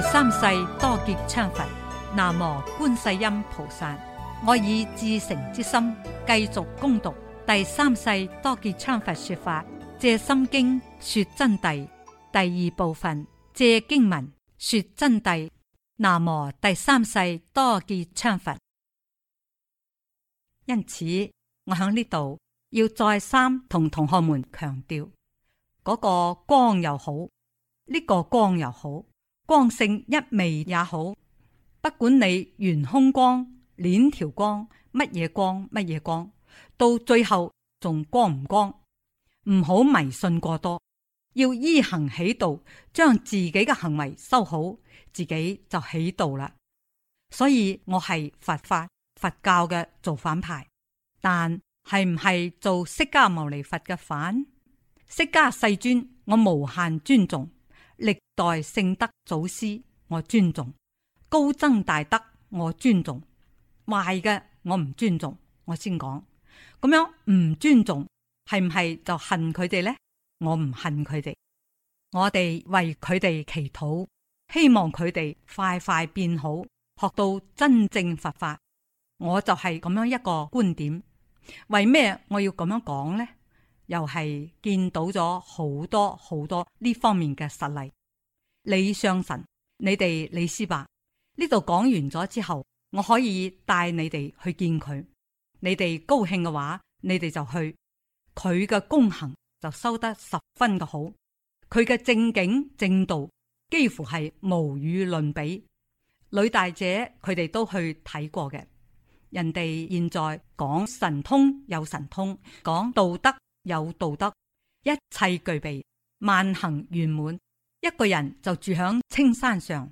第三世多杰羌佛，南無觀世音菩薩。我以至誠之心繼續恭讀第三世多杰羌佛說法，藉心經說真諦第二部分，藉經文說真諦。南無第三世多杰羌佛。因此，我喺呢度要再三同同學們強調，嗰、那個光又好，呢、這個光又好。光性一味也好，不管你圓空光、鏈條光、乜嘢光、乜嘢光，到最後仲光唔光？唔好迷信過多，要依行起度，將自己嘅行為修好，自己就起度啦。所以我係佛法佛教嘅造反派，但係唔係做釋迦牟尼佛嘅反？釋迦世尊，我無限尊重。歷代聖德祖師，我尊重；高僧大德，我尊重；壞嘅，我唔尊重。我先講，咁樣唔尊重係唔係就恨佢哋呢？我唔恨佢哋，我哋為佢哋祈禱，希望佢哋快快變好，學到真正佛法。我就係咁樣一個觀點。為咩我要咁樣講呢？又係見到咗好多好多呢方面嘅實例，李相臣，你哋李師伯，呢度講完咗之後，我可以帶你哋去見佢。你哋高興嘅話，你哋就去。佢嘅功行就收得十分嘅好，佢嘅正經正道幾乎係無與倫比。呂大姐佢哋都去睇過嘅，人哋現在講神通有神通，講道德。.有道德，一切具備，萬行圓滿。一個人就住喺青山上，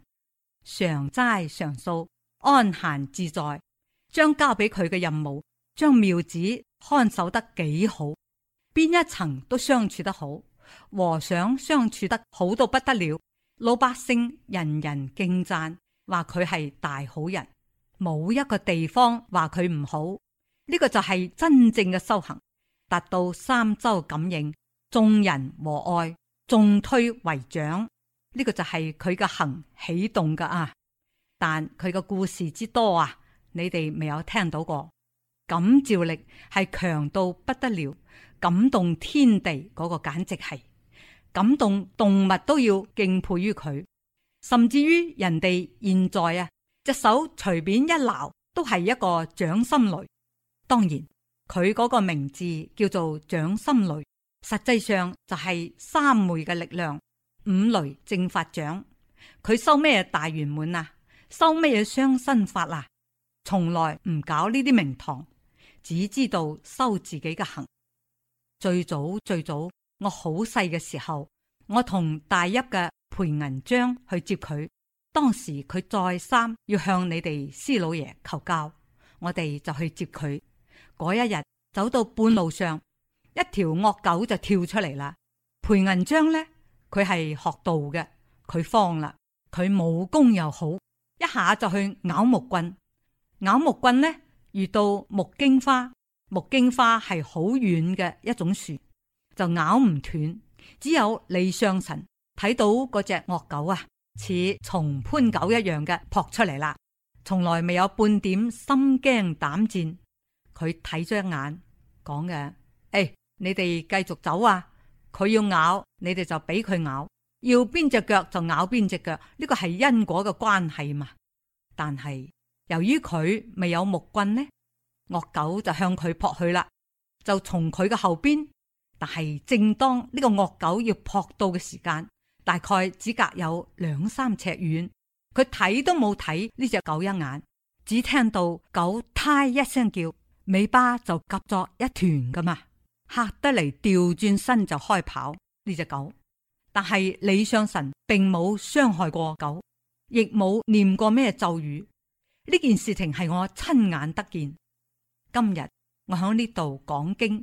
常齋常素，安閑自在。將交俾佢嘅任務，將廟子看守得幾好，邊一層都相處得好，和尚相處得好到不得了，老百姓人人敬讚，話佢係大好人，冇一個地方話佢唔好。呢、這個就係真正嘅修行。達到三周感應，眾人和愛，眾推為長，呢個就係佢嘅行起動噶啊！但佢嘅故事之多啊，你哋未有聽到過，感召力係強到不得了，感動天地嗰個簡直係感動動物都要敬佩於佢，甚至於人哋現在啊，隻手隨便一撈都係一個掌心雷，當然。佢嗰個名字叫做掌心雷，實際上就係三昧嘅力量，五雷正法掌。佢修咩大圓滿啊？修咩嘢雙身法啊？從來唔搞呢啲名堂，只知道修自己嘅行。最早最早，我好細嘅時候，我同大一嘅裴銀章去接佢，當時佢再三要向你哋師老爺求教，我哋就去接佢。嗰一日走到半路上，一條惡狗就跳出嚟啦。裴銀章呢，佢係學道嘅，佢慌啦，佢武功又好，一下就去咬木棍。咬木棍呢，遇到木荊花，木荊花係好遠嘅一種樹，就咬唔斷。只有李尚臣睇到嗰隻惡狗啊，似松潘狗一樣嘅撲出嚟啦，從來未有半點心驚膽戰。佢睇咗一眼，講嘅：誒、哎，你哋繼續走啊！佢要咬，你哋就俾佢咬，要邊隻腳就咬邊隻腳，呢個係因果嘅關係嘛。但係由於佢未有木棍呢，惡狗就向佢撲去啦，就從佢嘅後邊。但係正當呢個惡狗要撲到嘅時間，大概只隔有兩三尺遠，佢睇都冇睇呢隻狗一眼，只聽到狗呔一聲叫。尾巴就夾作一團噶嘛，嚇得嚟調轉身就開跑呢隻狗。但係李上神並冇傷害過狗，亦冇念過咩咒語。呢件事情係我親眼得見。今日我響呢度講經，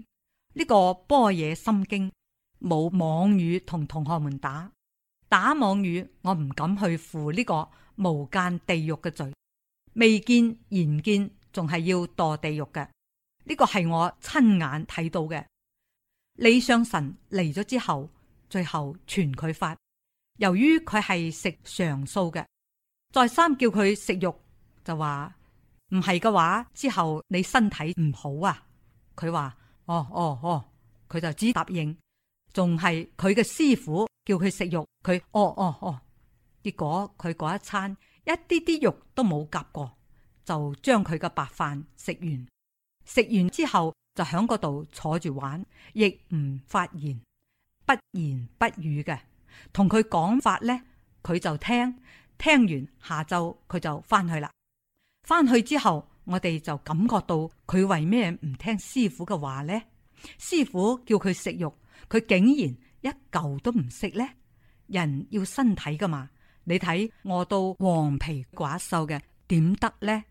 呢、這個般若心經冇妄語，同同學們打打妄語，我唔敢去負呢個無間地獄嘅罪。未見言見，仲係要墮地獄嘅。呢個係我親眼睇到嘅。李相臣嚟咗之後，最後傳佢法。由於佢係食常素嘅，再三叫佢食肉，就話唔係嘅話之後你身體唔好啊。佢話：哦哦哦，佢、哦、就只答應。仲係佢嘅師傅叫佢食肉，佢、哦：哦哦哦。結果佢嗰一餐一啲啲肉都冇夾過，就將佢嘅白飯食完。食完之後就喺嗰度坐住玩，亦唔發言，不言不語嘅。同佢講法呢，佢就聽。聽完下晝佢就翻去啦。翻去之後，我哋就感覺到佢為咩唔聽師傅嘅話呢？師傅叫佢食肉，佢竟然一嚿都唔食呢？人要身體㗎嘛！你睇餓到黃皮寡瘦嘅點得呢？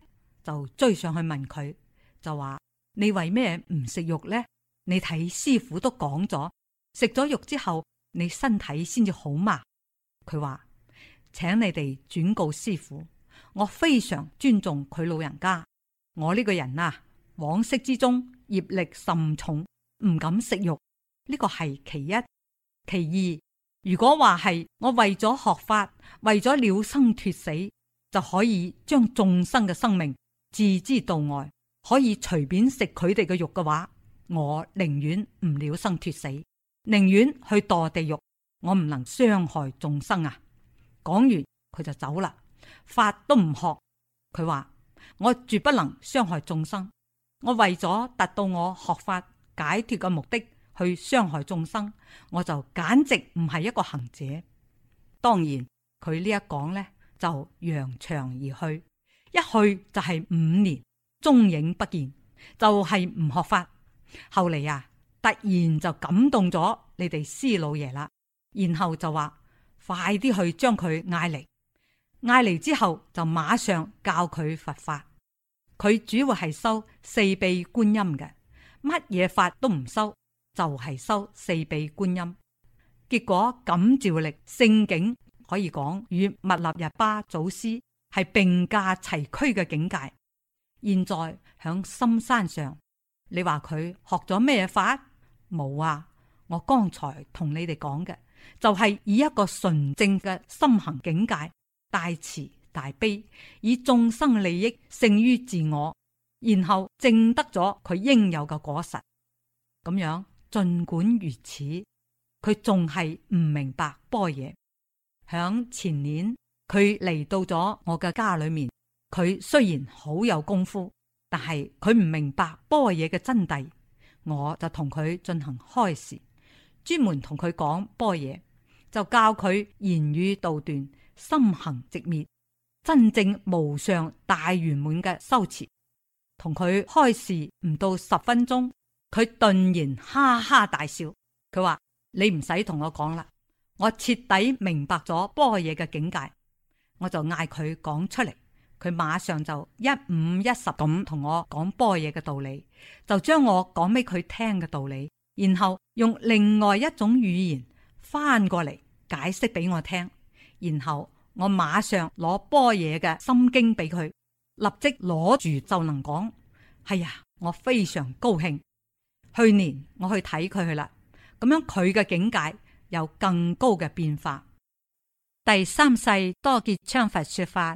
就追上去問佢，就話。你為咩唔食肉呢？你睇師父都講咗，食咗肉之後，你身體先至好嘛？佢話，請你哋轉告師父，我非常尊重佢老人家。我呢個人啊，往昔之中業力甚重，唔敢食肉，呢個係其一。其二，如果話係我為咗學法，為咗了，了生脫死，就可以將眾生嘅生命置之度外。可以隨便食佢哋嘅肉嘅話，我寧願唔了生脫死，寧願去墮地獄，我唔能傷害眾生啊！講完佢就走啦，法都唔學。佢話我絕不能傷害眾生，我為咗達到我學法解脫嘅目的去傷害眾生，我就簡直唔係一個行者。當然，佢呢一講呢，就揚長而去，一去就係五年。蹤影不見，就係、是、唔學法。後嚟呀、啊，突然就感動咗你哋師老爺啦，然後就話快啲去將佢嗌嚟，嗌嚟之後就馬上教佢佛法。佢主要係修四臂觀音嘅，乜嘢法都唔收，就係、是、修四臂觀音。結果感召力、聖境可以講與密勒日巴祖師係並駕齊驅嘅境界。現在響深山上，你話佢學咗咩法？冇啊！我剛才同你哋講嘅就係、是、以一個純正嘅心行境界，大慈大悲，以眾生利益勝於自我，然後證得咗佢應有嘅果實。咁樣盡管如此，佢仲係唔明白般若。響前年，佢嚟到咗我嘅家裏面。佢雖然好有功夫，但係佢唔明白般若嘅真諦，我就同佢進行開示，專門同佢講般若，就教佢言語道斷，心行直滅，真正無上大圓滿嘅修持。同佢開示唔到十分鐘，佢頓然哈哈大笑，佢話：你唔使同我講啦，我徹底明白咗般若嘅境界，我就嗌佢講出嚟。佢馬上就一五一十咁同我講般若嘅道理，就將我講俾佢聽嘅道理，然後用另外一種語言翻過嚟解釋俾我聽，然後我馬上攞般若嘅心經俾佢，立即攞住就能講。係、哎、啊，我非常高興。去年我去睇佢去啦，咁樣佢嘅境界有更高嘅變化。第三世多杰羌佛說法。